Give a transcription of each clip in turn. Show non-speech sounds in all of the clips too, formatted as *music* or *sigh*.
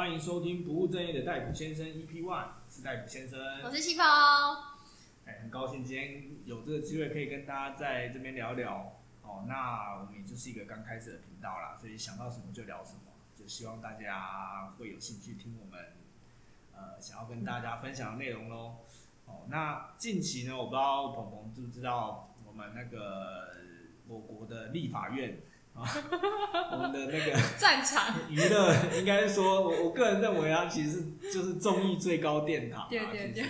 歡迎收聽不務正業的戴夫先生 EP One，是戴夫先生，我是西鵬。哎、欸，很高興今天有這個機會可以跟大家在這邊聊聊哦。那我們也就是一個剛開始的頻道啦，所以想到什麼就聊什麼，就希望大家會有興趣聽我們呃想要跟大家分享的內容嘍。嗯、哦，那近期呢，我不知道鵬鵬知不知道我們那個我國的立法院。啊， *laughs* 我們的那個戰場娛樂，應該說，我我個人認為啊，其實是就是綜藝最高殿堂。對對對，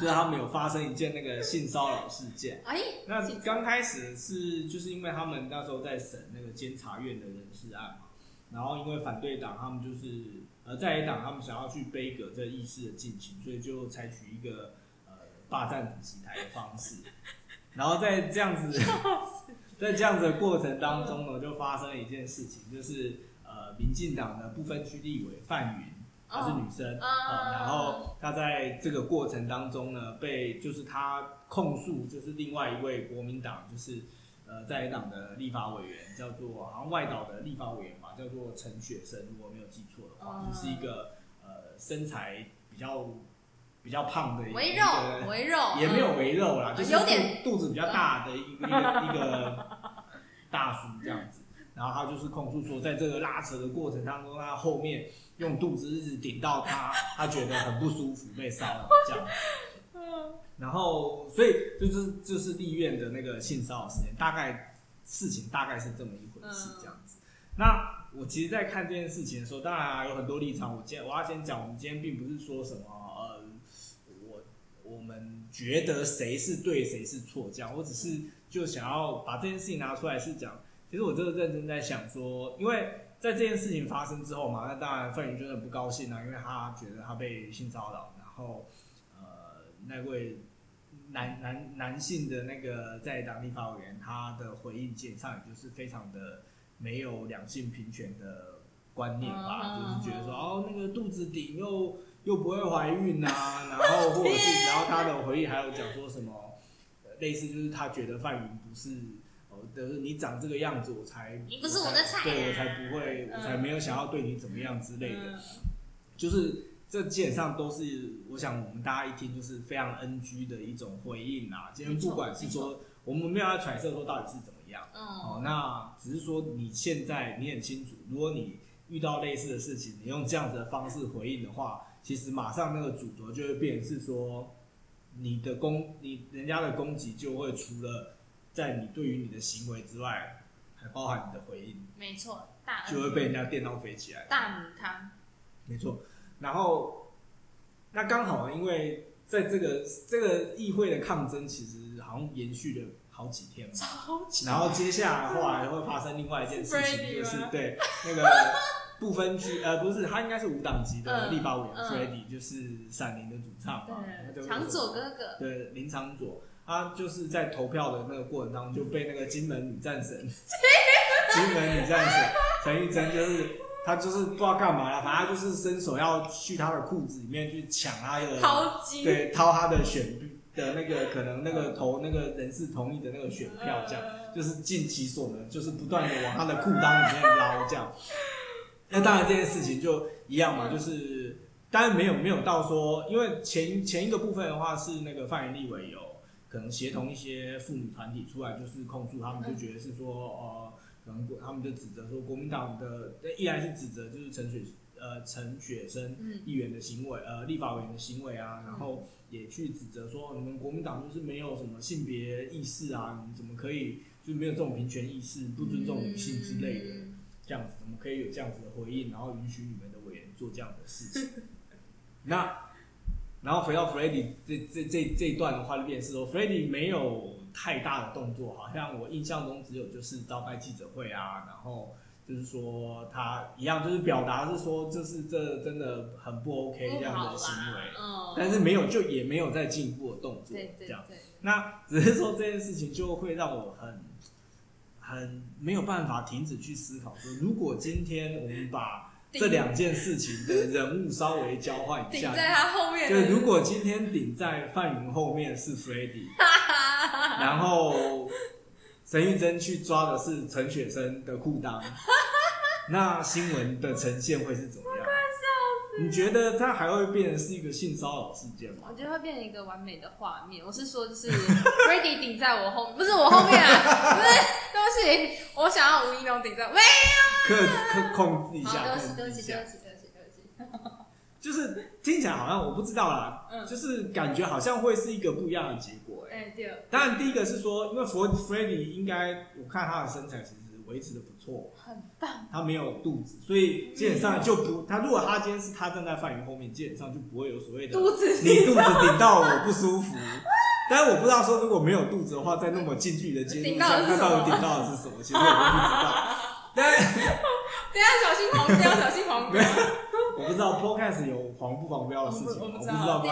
就是他們有發生一件那個性騷擾事件。哎，那剛開始是就是因為他們那時候在審那個監察院的人事案嘛，然後因為反對黨他們就是呃在野黨，他們想要去杯葛這議事的進行，所以就採取一個呃霸佔主席台的方式，然後再這樣子。 *laughs* 在這樣子的過程當中呢，就發生了一件事情，就是呃，民進黨的不分區立委范雲，她是女生，啊、哦呃，然後她在這個過程當中呢，被就是她控訴，就是另外一位國民黨，就是呃，在野黨的立法委員，叫做好像外島的立法委員吧，叫做陳雪生，如果沒有記錯的話，就是一個呃，身材比較。比較胖的一個，也沒有肥肉啦，有點、嗯、肚子比較大的一個點一個、嗯、一個大叔這樣子。然後他就是控訴說，在這個拉扯的過程當中，他後面用肚子一直頂到他， *laughs* 他覺得很不舒服， *laughs* 被騷擾這樣。然後，所以就是就是立院的那個性騷擾事件，大概事情大概是這麼一回事這樣子。嗯、那我其實，在看這件事情的時候，當然、啊、有很多立場。我今天我要先講，我們今天並不是說什麼。覺得誰是對誰是錯，這樣我只是就想要把這件事情拿出來是講。其實我真的認真的在想說，因為在這件事情發生之後嘛，那當然范雲真的很不高興啊，因為他覺得他被性騷擾，然後呃，那位男男男性的那個在當立法委員，他的回應基本上也就是非常的沒有兩性平權的觀念吧，就是覺得說，哦，那個肚子頂又，又不會懷孕啊， *laughs* 然後或者是，然後他的回應還有講說什麼類似，就是他覺得范雲不是，哦，就是你長這個樣子，我才你不是我的菜，對我才不會，我才沒有想要對你怎麼樣之類的，就是這基本上都是，我想我們大家一聽就是非常 NG 的一種回應啦，啊，今天不管是說我們沒有要揣測說到底是怎麼樣，哦，那只是說你現在你很清楚，如果你遇到類似的事情，你用這樣子的方式回應的話。其實馬上那個主軸就會變成是說你的攻，你人家的攻擊就會除了在你對於你的行為之外，還包含你的回應。沒錯，就會被人家電到飛起來。大母湯。沒錯，然後那剛好因為在這個、嗯、這個議會的抗爭，其實好像延續了好幾天嘛。超級。然後接下來的話會發生另外一件事情也，就是對那個。 *laughs* 不分區，呃，不是，他應該是無黨籍的立法委員，Freddy 就是閃靈的主唱嘛，昶佐哥哥，對，林昶佐，他就是在投票的那個過程當中就被那個金門女戰神，金門女戰神陳玉珍，就是他就是不知道幹嘛了，反正就是伸手要去他的褲子裡面去搶他的，對，掏他的選的那個可能那個投那個人事同意的那個選票，這樣就是盡其所能，就是不斷的往他的褲襠裡面撈這樣。那當然這件事情就一樣嘛，就是當然沒有沒有到說，因為前前一個部分的話是那個范雲立委有可能協同一些婦女團體出來，就是控訴他們就覺得是說呃，可能他們就指責說國民黨的依然是指責就是陳雪呃陳雪生議員的行為呃立法委員的行為啊，然後也去指責說你們國民黨就是沒有什麼性別意識啊，你怎麼可以就是沒有這種平權意識，不尊重女性之類的。這樣子，我們可以有這樣子的回應，然後允許你們的委員做這樣的事情。 *laughs* 那，然後回到 Freddy 這這這這一段的話，裡面是說，Freddy 沒有太大的動作，好像我印象中只有就是召開記者會啊，然後就是說他一樣，就是表達是說，這是這真的很不 OK 這樣的行為，嗯、但是沒有就也沒有再進一步的動作，對對對這樣。那只是說這件事情就會讓我很。很沒有辦法停止去思考，說如果今天我們把這兩件事情的人物稍微交換一下，在他後面，就如果今天頂在范雲後面是 Freddy，然後陳玉珍去抓的是陳雪生的褲襠，那新聞的呈現會是怎麼樣？你覺得他還會變成是一個性騷擾事件嗎？我覺得會變成一個完美的畫面。我是說，就是 Freddy 頂在我後面，不是我後面啊，不是，對不起，我想要吳英龍頂在，喂。有，可以可以控制一下，對不起，對不起，對不起，對不起，不起就是聽起來好像我不知道啦，嗯，就是感覺好像會是一個不一樣的結果，欸。哎，欸，對。當然，第一個是說，因為 Freddy 應該，我看他的身材其實。維持的不錯，很棒。他沒有肚子，所以基本上就不，他如果他今天是他站在范雲後面，基本上就不會有所謂的肚子頂肚子頂到我不舒服。但是我不知道說如果沒有肚子的話，在那麼近距離的接觸下，他到底頂到的是什麼，其實我都不知道。但是等下小心黃標，小心黃標。我不知道 Podcast 有黃不黃標的事情，我不知道。第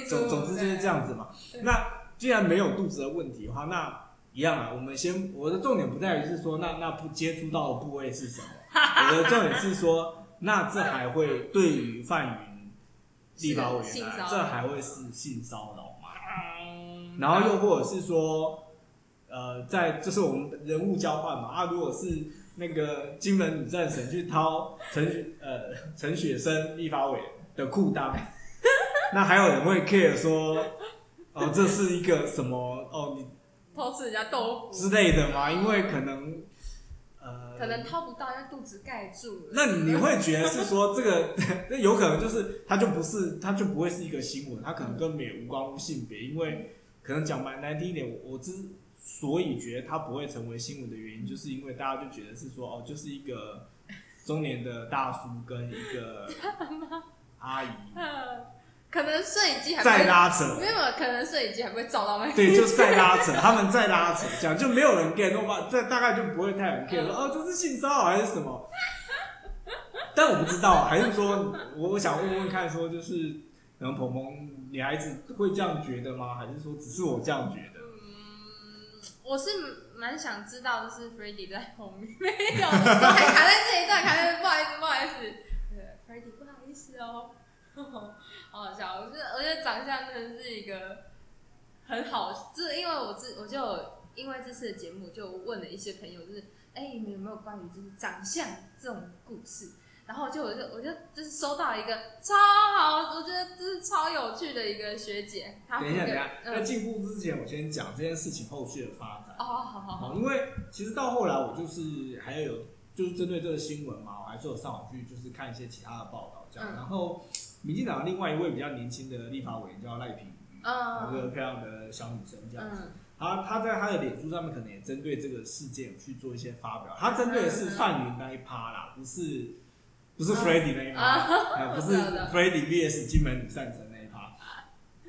一總總之就是這樣子嘛。那既然沒有肚子的問題的話，那。一樣啊，我們先，我的重點不在於是說那那不接觸到的部位是什麼？ *laughs* 我的重點是說，那這還會對於范雲立法委員來，這還會是性騷擾嗎？然後又或者是說， *laughs* 呃，在這、就是我們人物交換嘛？啊，如果是那個《金門女戰神》去掏陳 *laughs* 呃陳雪生立法委的褲襠， *laughs* 那還有人會 care 說哦、呃，這是一個什麼哦、呃？你。偷吃人家豆腐之類的嗎？因為可能，嗯呃、可能掏不到，因為肚子蓋住了。呃、那你會覺得是說這個？ *laughs* *laughs* 那有可能就是它，就不是，它就不會是一個新聞。它可能跟美無關無性別，因為可能講蠻難聽一點我。我之所以覺得它不會成為新聞的原因，就是因為大家就覺得是說哦，就是一個中年的大叔跟一個阿姨。 *laughs* 可能攝影機還會再拉扯，沒有可能攝影機還會照到那邊。對，就是再拉扯， *laughs* 他們再拉扯，這樣就沒有人 get，那我這大概就不會太有人 get 說哦，這、就是性騷還是什麼？ *laughs* 但我不知道，還是說我想問問看，說就是，然後鵬鵬，你還是會這樣覺得嗎？還是說只是我這樣覺得？嗯，我是蠻想知道，就是 Freddy 在後面沒有， *laughs* 還卡在這一段，卡在 *laughs* 不好意思， *laughs* 不好意思，呃 Freddy 不好意思哦。 *laughs* 好好笑，我覺得我覺得長相真的是一個很好，就是因為我就我就因為這次的節目就問了一些朋友，就是哎、欸，你們有沒有關於就是長相這種故事？然後就我就我就我就，就是收到了一個超好，我覺得這是超有趣的一個學姐。她等一下，等一下，在進、嗯、步之前，我先講這件事情後續的發展哦，好，好，好，好，好，因為其實到後來我就是還有就是針對這個新聞嘛，我還是有上網去就是看一些其他的報道這樣，嗯、然後。民進黨的另外一位比較年輕的立法委員叫賴品妤啊，一、uh, 個漂亮的小女生這樣子。Uh, 她她在她的臉書上面可能也針對這個事件去做一些發表。Uh, 她針對的是范雲那一趴啦，不是不是 Freddy 那一趴，uh, uh, 啊、不是 Freddy VS 金門女戰士那一趴。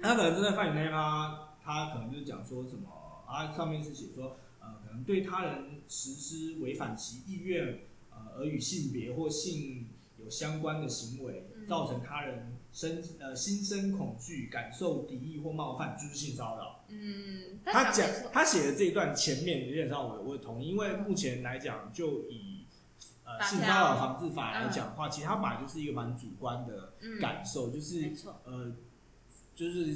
她、uh, 可能針對范雲那一趴，她可能就講說什麼啊？上面是寫說呃，可能對他人實施違反其意願呃，而與性別或性有相關的行為。造成他人生呃心生恐懼、感受敵意或冒犯，就是性騷擾。嗯，他講他寫的這一段前面，基本上我我也同意，因為目前來講，就以呃性騷擾防治法來講的話，嗯、其實他本來就是一個蠻主觀的感受，嗯、就是沒錯。呃就是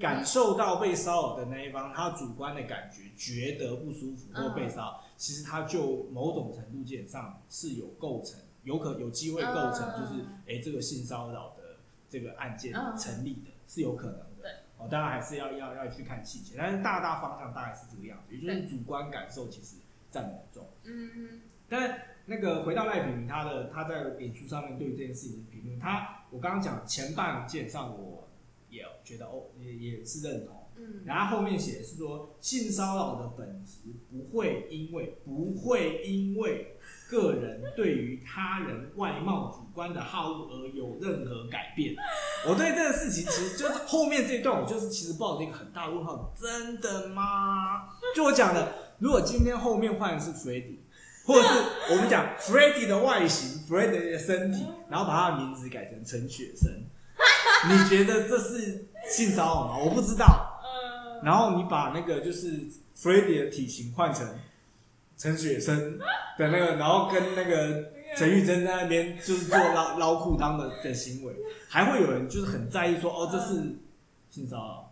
感受到被騷擾的那一方，他主觀的感覺覺得不舒服或被騷擾，嗯、其實他就某種程度基本上是有構成。有可有機會構成，就是哎、oh, 欸，這個性騷擾的這個案件成立的、oh, 是有可能的。對哦，當然還是要要要去看細節，但是大大方向大概是這個樣子，對也就是主觀感受其實占得很重。嗯哼。但那個回到賴秉平，他的他在演出上面對這件事情的評論，他我剛剛講前半件上我也覺得哦也也是認同。嗯。然後後面寫的是說，性騷擾的本質不會因為不會因為。個人對於他人外貌主觀的好惡有任何改變？我對這個事情其實就是後面這一段，我就是其實抱了一個很大的問號。真的嗎？就我講的，如果今天後面換的是 Freddy 或者是我們講 Freddy 的外形、Freddy 的身體，然後把他的名字改成陳雪生，你覺得這是性騷擾嗎？我不知道。嗯。然後你把那個就是 Freddy 的體型換成。陳雪生的那個，然後跟那個陳玉珍在那邊就是做撈撈褲襠的的行為，還會有人就是很在意說，哦這是性騷擾，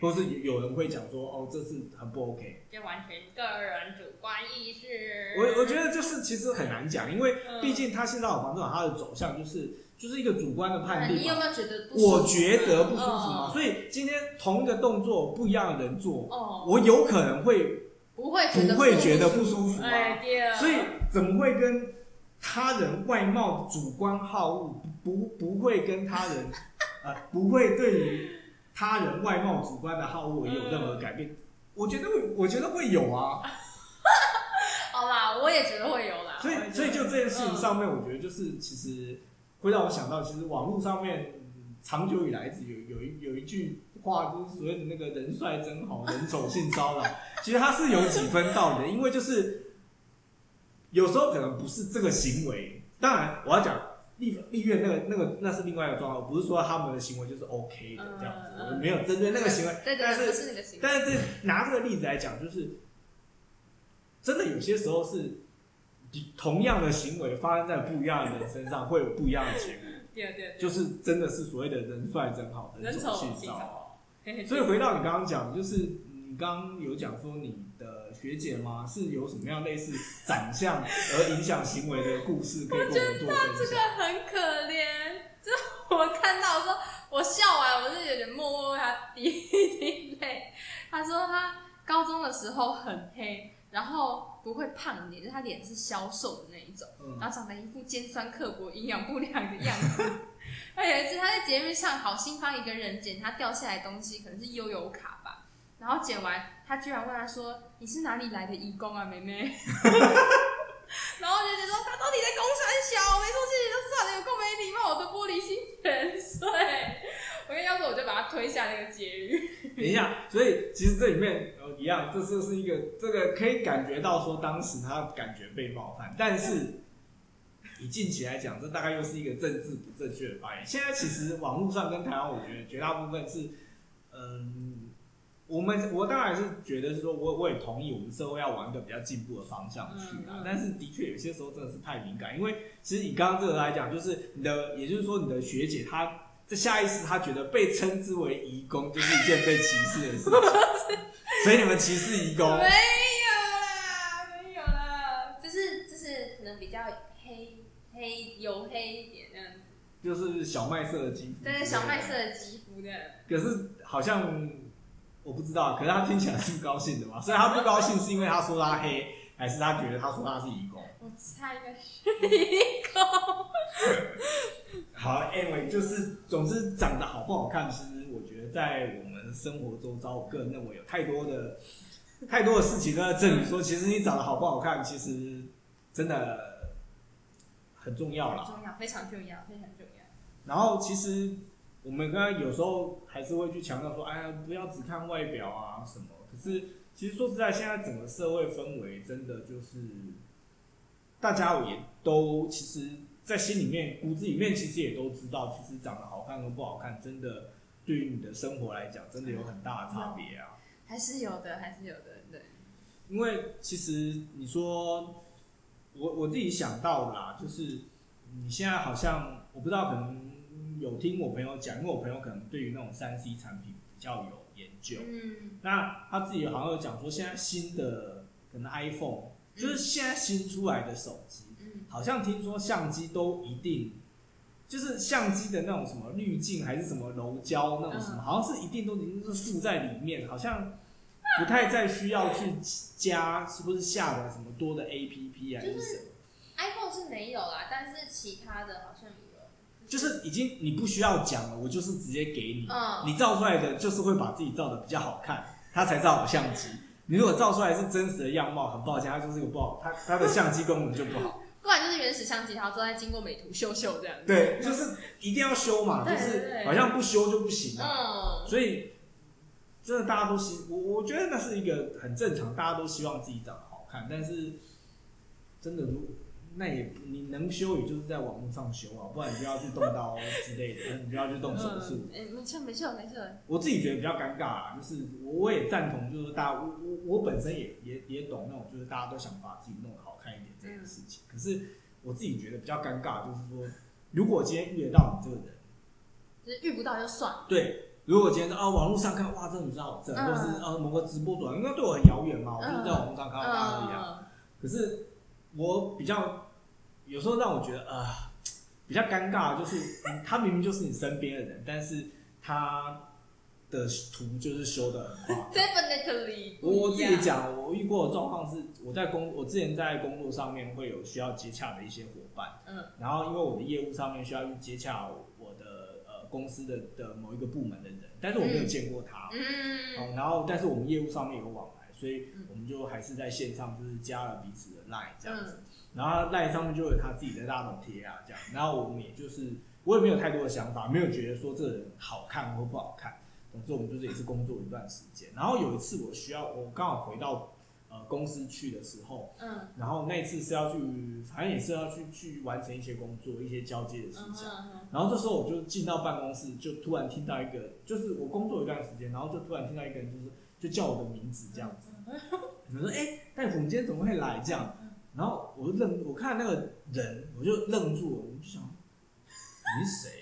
或是有人會講說，哦這是很不 OK，就完全個人主觀意識。我我覺得就是其實很難講，因為畢竟他性騷擾防制法他的走向就是就是一個主觀的判定。你有沒有覺得？我覺得不舒服，所以今天同一個動作不一樣的人做，我有可能會。不會覺得不舒服，所以怎麼會跟他人外貌主觀好惡不不會跟他人、 *laughs* 呃、不會對於他人外貌主觀的好惡有任何改變？ *laughs* 我覺得會，我覺得會有啊。 *laughs* 好吧，我也覺得會有啦。 *laughs* 所以，所以就這件事情上面，我覺得就是其實會讓我想到，其實網絡上面、嗯、長久以來一直有有一有一句。話就是所謂的那個人帥真好，人醜性騷擾， *laughs* 其實他是有幾分道理的，因為就是有時候可能不是這個行為。當然，我要講立立院那個那個那是另外一個狀況，不是說他們的行為就是 OK 的這樣子，呃呃、我沒有針對那個行為。對，對對，是，是行為。但是這、嗯、拿這個例子來講，就是真的有些時候是同樣的行為發生在不一樣的人身上， *laughs* 會有不一樣的結果。對，對對，就是真的是所謂的人帥真好的人，人醜性騷。嘿嘿，所以回到你剛剛講，就是你剛剛有講說你的學姐嗎？是有什麼樣類似長相而影響行為的故事給我們做分享？我覺得她這個很可憐，就我看到說，我笑完，我是有點默默為她滴滴淚。她 *laughs* 說她高中的時候很黑，然後不會胖一點，就她臉、是、是消瘦的那一種，然後長得一副尖酸刻薄、營養不良的樣子。 *laughs* 有一次他在捷運上好心幫一個人撿他掉下來的東西，可能是悠遊卡吧。然後撿完，他居然問他說：“你是哪裡來的義工啊，妹妹？” *laughs* *laughs* 然後我就覺得，他到底在公山小沒出息就算了，你有夠沒禮貌，我的玻璃心全碎。所以，我跟他說，我就把他推下那個捷運。等一下，所以其實這裡面、哦、一樣，這是是一個這個可以感覺到說，當時他感覺被冒犯，但是。 *laughs* 以近期來講，這大概又是一個政治不正確的發言。現在其實網絡上跟台灣，我覺得絕大部分是，嗯，我們我當然是覺得是說，我我也同意，我們社會要往一個比較進步的方向去啊。嗯，但是的確有些時候真的是太敏感，因為其實以剛剛這個來講，就是你的，也就是說你的學姐她，她這下意識她覺得被稱之為“移工”就是一件被歧視的事情， *laughs* 所以你們歧視移工。就是小麥色的肌膚，對，小麥色的肌膚的。可是好像我不知道，可是他聽起來是不高興的嘛？雖然他不高興，是因為他說他黑，還是他覺得他說他是一工？我猜應該是一工。好，Anyway，就是總之長得好不好看，其實我覺得在我們生活中，找我個人認為有太多的、太多的事情都在證明說，其實你長得好不好看，其實真的。很重要了，重要，非常重要，非常重要。然後其實我們剛才有時候還是會去強調說，哎呀，不要只看外表啊什麼。可是其實說實在，現在整個社會氛圍真的就是，大家也都其實在心裡面、骨子裡面，其實也都知道，其實長得好看跟不好看，真的對於你的生活來講，真的有很大的差別啊。還是有的，還是有的，對。因為其實你說。我我自己想到啦，就是你現在好像我不知道，可能有聽我朋友講，因為我朋友可能對於那種 3C 產品比較有研究。嗯，那他自己好像有講說，現在新的可能 iPhone，就是現在新出來的手機，好像聽說相機都一定，就是相機的那種什麼濾鏡還是什麼柔焦那種什麼，好像是一定都已經是附在裡面，好像。不太再需要去加，是不是下載什麼多的 APP 啊？就是 iPhone 是沒有啦，但是其他的好像有。就是已經你不需要講了，我就是直接給你。嗯。你照出來的就是會把自己照得比較好看，它才照好相機。你如果照出來是真實的樣貌，很抱歉，它就是有個不好，它它的相機功能就不好。不管就是原始相機，它都在經過美圖秀秀這樣子。對，就是一定要修嘛，就是好像不修就不行。嗯。所以。真的大家都希，我我覺得那是一個很正常，大家都希望自己長得好看。但是真的，如那也你能修，也就是在網絡上修啊，不然你不要去動刀之類的，不 *laughs* 然你要去動手術。哎、呃，沒錯，沒錯，沒錯。我自己覺得比較尷尬、啊，就是我也贊同，就是大家我我本身也也也懂那種，就是大家都想把自己弄好看一點這樣的事情。嗯、可是我自己覺得比較尷尬，就是說如果今天遇得到你這個人，就是遇不到就算。對。如果今天啊，網絡上看哇，這女生好正，或是，uh, 啊某個直播主，應該對我很遙遠嘛，uh, 我就是在網絡上看到而已啊。Uh, uh, 可是我比較有時候讓我覺得啊、呃，比較尷尬，就是、 *laughs* 嗯、他明明就是你身邊的人，但是他的圖就是修得很好。Definitely， *laughs* 我自己講，我遇過的狀況是，我在工 *laughs* 我之前在工作上面會有需要接洽的一些夥伴，嗯，uh, 然後因為我的業務上面需要去接洽。公司的的某一個部門的人，但是我沒有見過他，嗯，嗯，嗯，然後但是我們業務上面有往來，所以我們就還是在線上就是加了彼此的 line 這樣子，嗯、然後 line 上面就有他自己的大頭貼啊這樣，然後我們也就是我也沒有太多的想法，沒有覺得說這個人好看或不好看，總之我們就是也是工作一段時間，然後有一次我需要我剛好回到。呃、公司去的時候，嗯，然後那一次是要去，反正、嗯、也是要去去完成一些工作、一些交接的事情。嗯、然後這時候我就進到辦公室，嗯、就突然聽到一個，嗯、就是我工作一段時間，然後就突然聽到一個人，就是就叫我的名字這樣子。我、嗯嗯嗯、說：“哎、欸，大夫，你今天怎麼會來這樣？”嗯、然後我愣，我看那個人，我就愣住了，我就想，你是誰？ *laughs*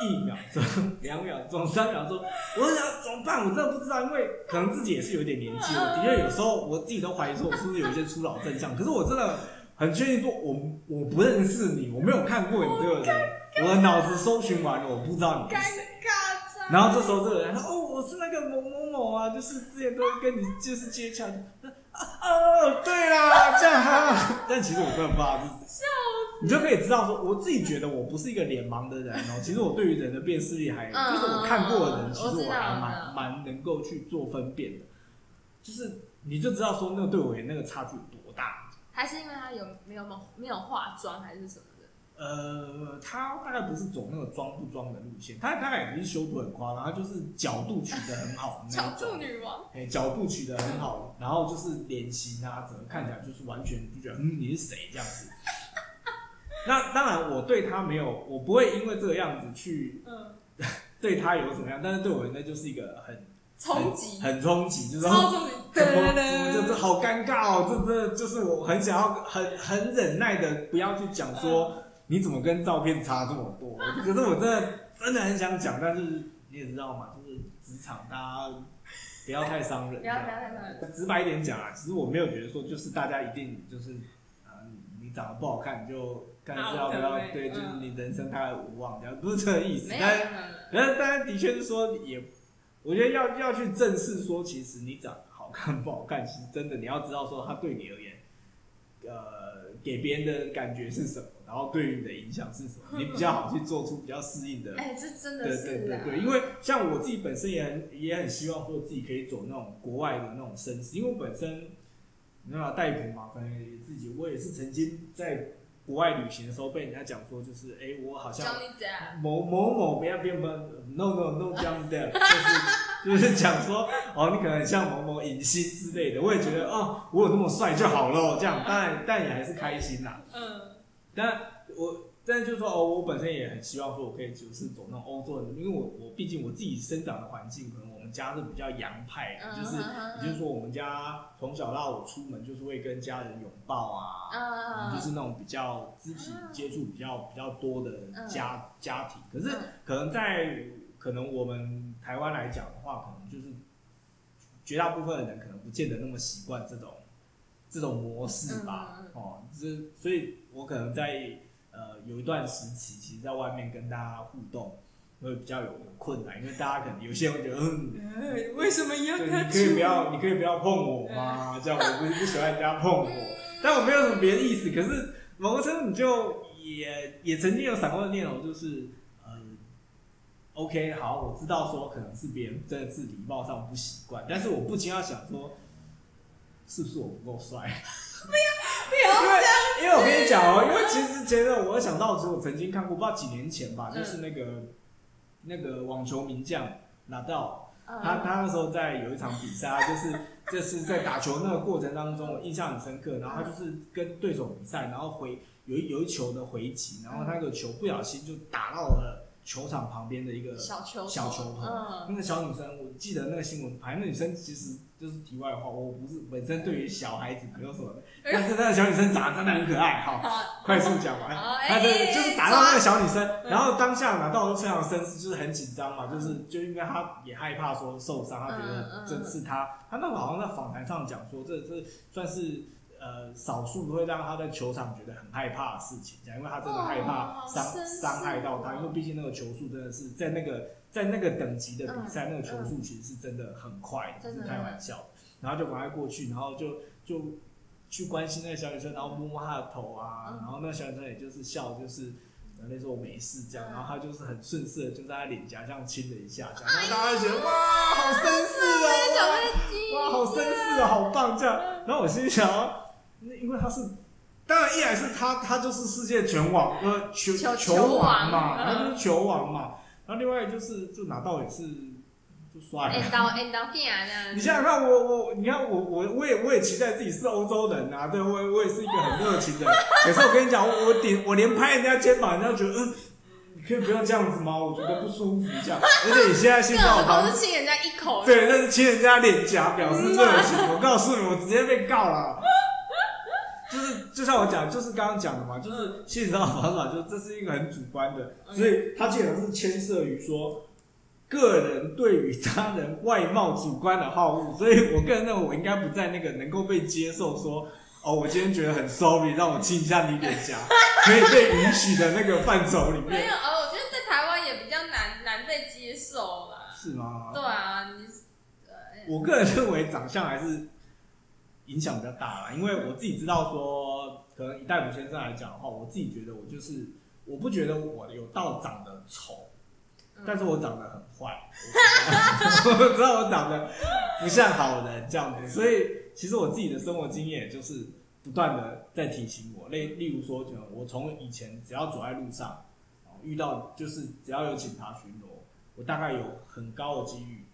一秒鐘、兩秒鐘、三秒鐘，我就想要怎麼辦？我真的不知道，因為可能自己也是有點年紀了。我的確，有時候我自己都懷疑說，我是不是有一些初老症狀？可是我真的很確定說我，我我不認識你，我沒有看過你，對不對？我的腦子搜尋完了，我不知道你是誰。然後這時候這個人說：“哦，我是那個某某某啊，就是之前都跟你就是接洽的。啊”哦、啊，對啦，這樣哈、啊。但其實我真的不知道你就可以知道說，我自己覺得我不是一個臉盲的人哦、喔。其實我對於人的辨識力還有，嗯、就是我看過的人，其實我還蠻蠻能夠去做分辨的。就是你就知道說，那個對我的那個差距有多大？還是因為他有沒有沒沒有化妝，還是什麼的？呃，他大概不是走那個妝不妝的路線，他大概也不是修圖很誇張，他就是角度取得很好那種。角度女王，哎、欸，角度取得很好，然後就是臉型啊，怎麼看起來就是完全就覺得嗯，你是誰這樣子？ *laughs* 那當然，我對他沒有，我不會因為這個樣子去，嗯、 *laughs* 對他有怎麼樣，但是對我，應該就是一個很衝擊，很衝擊，就是對對對，就是好尷尬哦，這這就是我很想要很很忍耐的，不要去講說、嗯、你怎麼跟照片差這麼多。嗯、可是我真的真的很想講，嗯、但是你也知道嘛，就是職場大家不要太傷人 *laughs* 不，不要太傷人。直白一點講啊，其實我沒有覺得說就是大家一定就是，啊、你，你長得不好看你就。但是要不要 Okay, 對？對對啊、就是你人生太無望，不是這個意思。但是，但是的確是說，也我覺得要要去正視說，其實你長得好看不好看，其實真的你要知道，說他對你而言，呃，給別人的感覺是什麼，然後對你的影響是什麼，你比較好去做出比較適應的。哎， *laughs* 這真的是對對對對，因為像我自己本身也很也很希望，說自己可以走那種國外的那種紳士，因為我本身你知道戴普嘛，反正自己我也是曾經在。國外旅行的時候被人家講說就是哎、欸，我好像某某某，某變，不要不要不要，no no no，這樣子的 *laughs* 就是就是講說哦，你可能像某某影星之類的。我也覺得哦，我有那麼帥就好了，這樣，當然但也還是開心啦。嗯，但我但就是說哦，我本身也很希望說我可以就是走那種歐洲的，因為我我畢竟我自己生長的環境可能。家是比較洋派的，啊，就是，也就是說，我們家從小到我出門就是會跟家人擁抱啊、嗯嗯嗯，就是那種比較肢體接觸比較比較多的家，嗯、家庭。可是，可能在可能我們台灣來講的話，可能就是絕大部分的人可能不見得那麼習慣這種這種模式吧。嗯、哦，就是，所以我可能在呃有一段時期，其實在外面跟大家互動。會比較有困難，因為大家可能有些人會覺得，嗯，為什麼你要？你可以不要，你可以不要碰我嗎？嗯、這樣我不不喜歡人家碰我，嗯、但我沒有什麼別的意思。嗯、可是某個時候，你就也也曾經有閃過的念頭，就是嗯，OK，好，我知道說可能是別人在自己禮貌上不習慣，但是我不禁要想說，是不是我不夠帥、嗯？ *laughs* 不要不要，因為因為我跟你講哦，因為其實覺得我想到的時候我曾經看過，不知道幾年前吧，就是那個。嗯那個網球名將拿到，他他那時候在有一場比賽，就是就是在打球那個過程當中，我印象很深刻。然後他就是跟對手比賽，然後回有一有一球的回擊，然後他那個球不小心就打到了。球場旁邊的一個小球，小球童，嗯、那個小女生，我記得那個新聞，反正那女生其實就是題外話，我不是本身對於小孩子沒有什麼，嗯、但是那個小女生長得真的很可愛，好，啊啊、快速講完，對對、啊，欸欸欸就是打到那個小女生，啊、然後當下拿到時我非常紳士，就是很緊張嘛，就是就因為她也害怕說受傷，她覺得這是她，嗯嗯她那個好像在訪談上講說，這這算是。呃，少數會讓他在球場覺得很害怕的事情，這樣，因為他真的害怕傷傷害到他，因為畢竟那個球速真的是在那個在那個等級的比賽，那個球速其實是真的很快的，是開玩笑。然後就趕快過去，然後就就去關心那個小女生，然後摸摸她的頭啊，然後那個小女生也就是笑，就是那時候我沒事這樣，然後他就是很順勢的就在他臉頰上親了一下，然後大家覺得哇，好紳士啊，哇，好紳士啊，好棒這樣。然後我心想啊。那因為他是，當然一來是他，他就是世界拳王對呃球球，球王嘛，嗯、他就是球王嘛。然後另外一就是就拿刀也是，就帥。就了、欸欸啊、你想想看我，我我你看我我我也我也期待自己是歐洲人啊，對我我也是一個很熱情的人。可是、 *laughs* 欸、我跟你講，我頂我連拍人家肩膀，人家覺得嗯，你可以不要這樣子嗎？我覺得不舒服一下。而且你現在現在我親人家一口，對，那是親人家臉頰表示熱情。嗎我告訴你，我直接被告了。就是就像我講，就是剛剛講的嘛，就是欣賞方法，就是這是一個很主觀的，Okay. 所以它基本上是牽涉於說個人對於他人外貌主觀的好惡，所以我個人認為我應該不在那個能夠被接受說哦，我今天覺得很 sorry， *laughs* 讓我親一下你臉頰， *laughs* 可以被允許的那個範疇裡面。沒有，哦，我覺得在台灣也比較難難被接受啦。是嗎？對啊，你。我個人認為長相還是。影響比較大了，因為我自己知道說，可能以戴普先生來講的話，我自己覺得我就是，我不覺得我有到長得醜，但是我長得很壞，嗯、我， *laughs* *laughs* 我知道我長得不像好人這樣子，所以其實我自己的生活經驗就是不斷的在提醒我，例例如說，就我從以前只要走在路上，遇到就是只要有警察巡邏，我大概有很高的機率。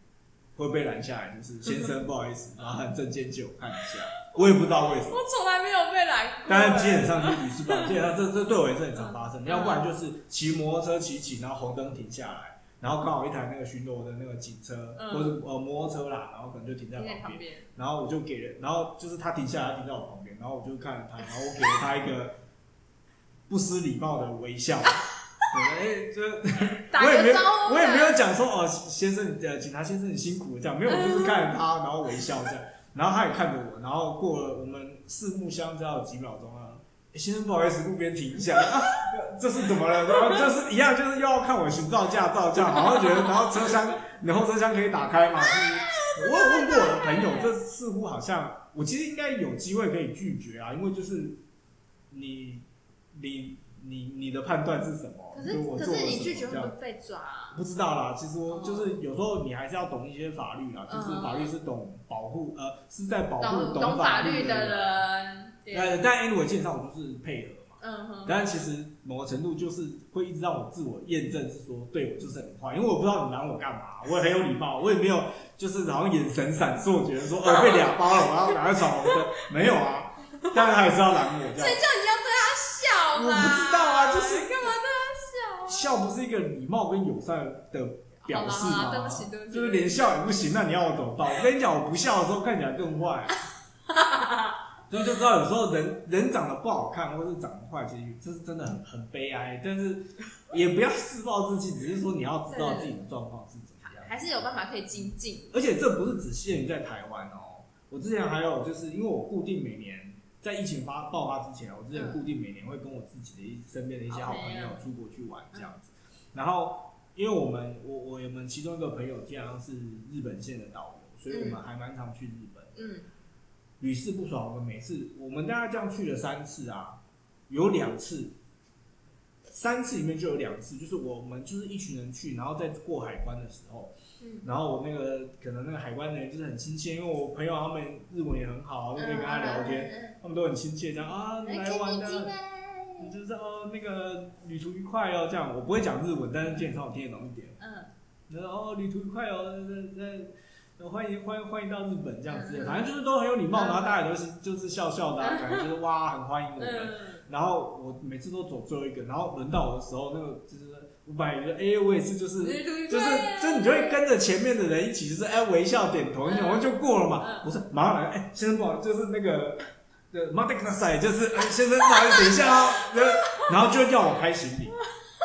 會被攔下來，就是先生不好意思，然後很正經借我看一下。我也不知道為什麼，我從來沒有被攔過。但是基本上就是女士抱歉，這這對我也是很常發生。要不然就是騎摩托車騎騎，然後紅燈停下來，然後剛好一台那個巡邏的那個警車或者呃摩托車啦，然後可能就停在旁邊。然後我就給了，然後就是他停下來，他停在我旁邊，然後我就看了他，然後我給了他一個不失禮貌的微笑。誒、欸、就打 *laughs* 我也沒有，我也沒有講說哦，先生，呃，警察先生，你辛苦了這樣，沒有，我就是看他，然後微笑這樣，然後他也看着我，然後過了我們四目相交的幾秒鐘啊、欸。先生，不好意思，路邊停一下、啊，這是怎麼了？然後就是一樣，就是又要看我行照駕照駕，好像覺得，然後車廂，然後車廂可以打開嗎？我有問過我的朋友，這似乎好像，我其實應該有機會可以拒絕啊，因為就是你，你。你你的判斷是什麼？可是可是你拒絕會被抓啊？不知道啦，其實我就是有時候你還是要懂一些法律啊，就是法律是懂保護，呃，是在保護懂法律的人。但但因為我介紹，我就是配合嘛。嗯哼。但其實某個程度就是會一直讓我自我驗證，是說對我就是很壞，因為我不知道你攔我幹嘛，我也很有禮貌，我也沒有就是好像眼神閃爍，覺得說我被兩包了，我要拿趕快燈。沒有啊，但是還是要攔我這樣。叫你要對。我不知道啊，就是幹嘛都要笑。笑不是一個禮貌跟友善的表示嗎？對不起，對不起，就是連笑也不行。那你要我怎麼辦？我跟你講，我不笑的時候看起來更壞。哈哈哈哈！所以就知道有時候人人長得不好看，或者是長得壞，其實這是真的很很悲哀。但是也不要自暴自棄，只是 *laughs* 說你要知道自己的狀況是怎麼樣，還是有辦法可以精進。而且這不是只限於在台灣哦、喔，我之前還有就是因為我固定每年。在疫情發爆發之前，我之前固定每年會跟我自己的一、嗯、身邊的一些好朋友出國去玩這樣子，okay, 嗯、然後因為我們我我，我們其中一個朋友竟然是日本線的導遊，所以我們還蠻常去日本，嗯、屢、嗯、試不爽。我們每次我們大概這樣去了三次啊，有兩次。嗯三次裡面就有兩次，就是我們就是一群人去，然後在過海關的時候，然後我那個可能那個海關人員就是很親切，因為我朋友他們日文也很好，就可以跟他聊天，他們都很親切，這樣，啊來玩的，就是哦，那個旅途愉快哦，這樣我不會講日文，但是至少我聽得懂一點，嗯，然後哦旅途愉快哦，那那歡迎歡迎歡迎到日本這樣子，反正就是都很有禮貌，然後大家也都是就是笑笑的，感覺就是哇很歡迎我們。然後我每次都走最後一個，然後輪到我的時候，那個就是五百，買 a 就 a a 也是，就是就是，就你就會跟着前面的人一起，就是哎，微笑點頭，然後就過了嘛。哎、呦不是，馬上來，哎，先生不好，就是那個，對，馬德克塞就是哎，先生不好意思，等一下啊。然後 *laughs* 然後就叫我開行李，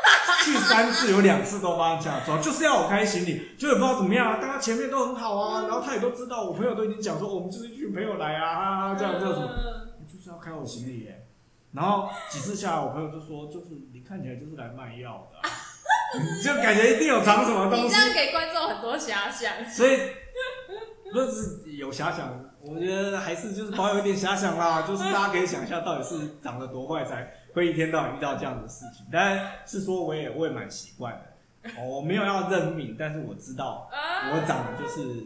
*laughs* 去三次有兩次都發生這樣就是要我開行李，就也不知道怎麼樣啊，大家前面都很好啊，嗯、然後他也都知道，我朋友都已經講說，我們就是一群朋友來啊，這樣這樣麼、嗯哎？就是要開我行李、欸。然後幾次下來，我朋友就說：“就是你看起來就是來賣藥的、啊，就感覺一定有藏什麼東西。”這樣給觀眾很多遐想。所以，不是有遐想，我覺得還是就是保有一點遐想啦。就是大家可以想一下，到底是長得多壞才會一天到晚遇到這樣的事情？但是，是說我也我也蠻習慣的，我沒有要認命，但是我知道我長得就是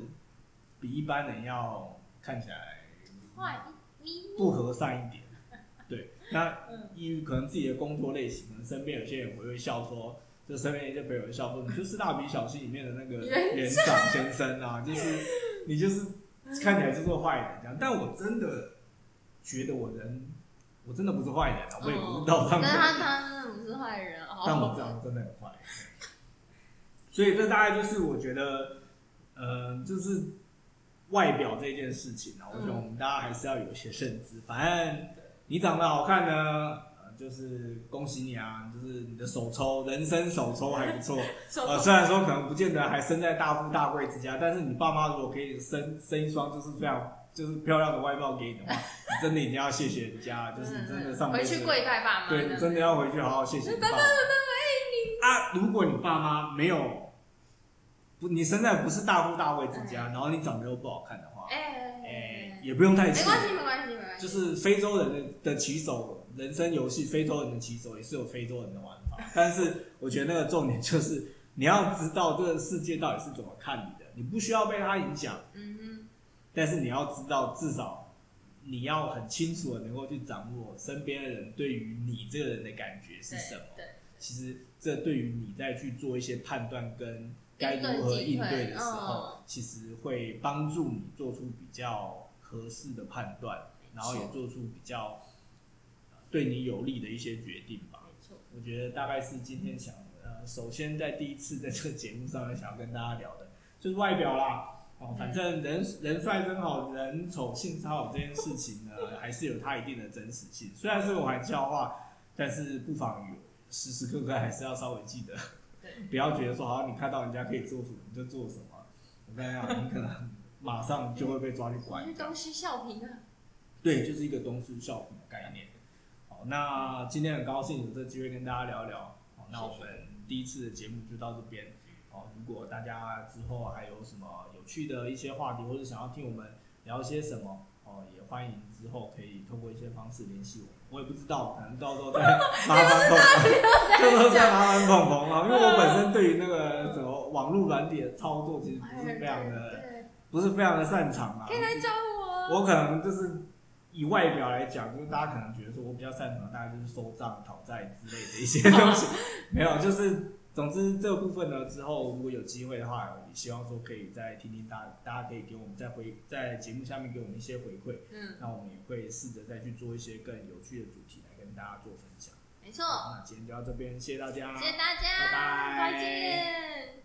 比一般人要看起來不和善一點。他，依可能自己的工作類型，嗯、身邊有些人會會笑說，就身邊一些朋友笑說你 *laughs* 就是《蠟筆小新》裡面的那個生園長先生啊，就是、嗯、你就是看起來就是壞人這樣。嗯、但我真的覺得我人我真的不是壞人啊，哦、我也不知道他們。但他，他不是壞人、哦、但我這樣真的很壞。的所以這大概就是我覺得，嗯、呃，就是外表這件事情呢、啊，我覺得我們大家還是要有些慎之，嗯、反正。你長得好看呢，呃，就是恭喜你啊，就是你的首抽，人生首抽還不錯。呃，雖然說可能不見得還生在大富大貴之家，但是你爸媽如果可以生生一雙就是非常就是漂亮的外貌給你的話， *laughs* 你真的一定要謝謝人家，就是你真的上、嗯、回去跪拜爸媽，對，真的要回去好好謝謝你爸媽。 *laughs* 啊，如果你爸媽沒有不你生在不是大富大貴之家，嗯、然後你長得又不好看的話，哎、呃。也不用太氣，沒沒關係，沒關係。關，就是非洲人的的起手，人生遊戲，非洲人的起手也是有非洲人的玩法。但是我覺得那個重點就是，你要知道這個世界到底是怎麼看你的，你不需要被他影響。但是你要知道，至少你要很清楚的能夠去掌握身邊的人對於你這個人的感覺是什麼。其實這對於你再去做一些判斷跟該如何應對的時候，其實會幫助你做出比較。合適的判斷，然後也做出比較對你有利的一些決定吧。沒錯，我覺得大概是今天想呃，首先在第一次在這個節目上面想要跟大家聊的，就是外表啦。哦、反正人、嗯、人帥真好，嗯、人醜性騷擾，這件事情呢，嗯、還是有它一定的真實性。雖然是玩笑話，但是不妨時時刻刻還是要稍微記得，對，不要覺得說好像你看到人家可以做什麼你就做什麼，我跟你講，你可能。馬上就會被抓去關，是東施效顰啊。對，就是一個東施效顰的概念。好，那今天很高興有這機會跟大家聊一聊。好，那我們第一次的節目就到這邊。好，如果大家之後還有什麼有趣的一些話題，或者想要聽我們聊些什麼，哦，也歡迎之後可以通過一些方式聯繫我。我也不知道，可能到時候再麻煩捧捧。到時候再麻煩捧捧了。因為我本身對於那個什麼網絡軟體的操作，其實不是非常的。不是非常的擅長嘛、嗯、是啊，可以來找我。我可能就是以外表來講，就是大家可能覺得說我比較擅長的，大概就是收賬、討債之類的一些東西。 *laughs* 沒有，就是總之這個部分呢，之後如果有機會的話，也希望說可以再聽聽大家，大家可以給我們再回，在節目下面給我們一些回饋。嗯，那我們也會試着再去做一些更有趣的主題來跟大家做分享。沒錯錯，那、啊、今天就到這邊，謝謝大家，謝謝大家，拜拜 bye，再見。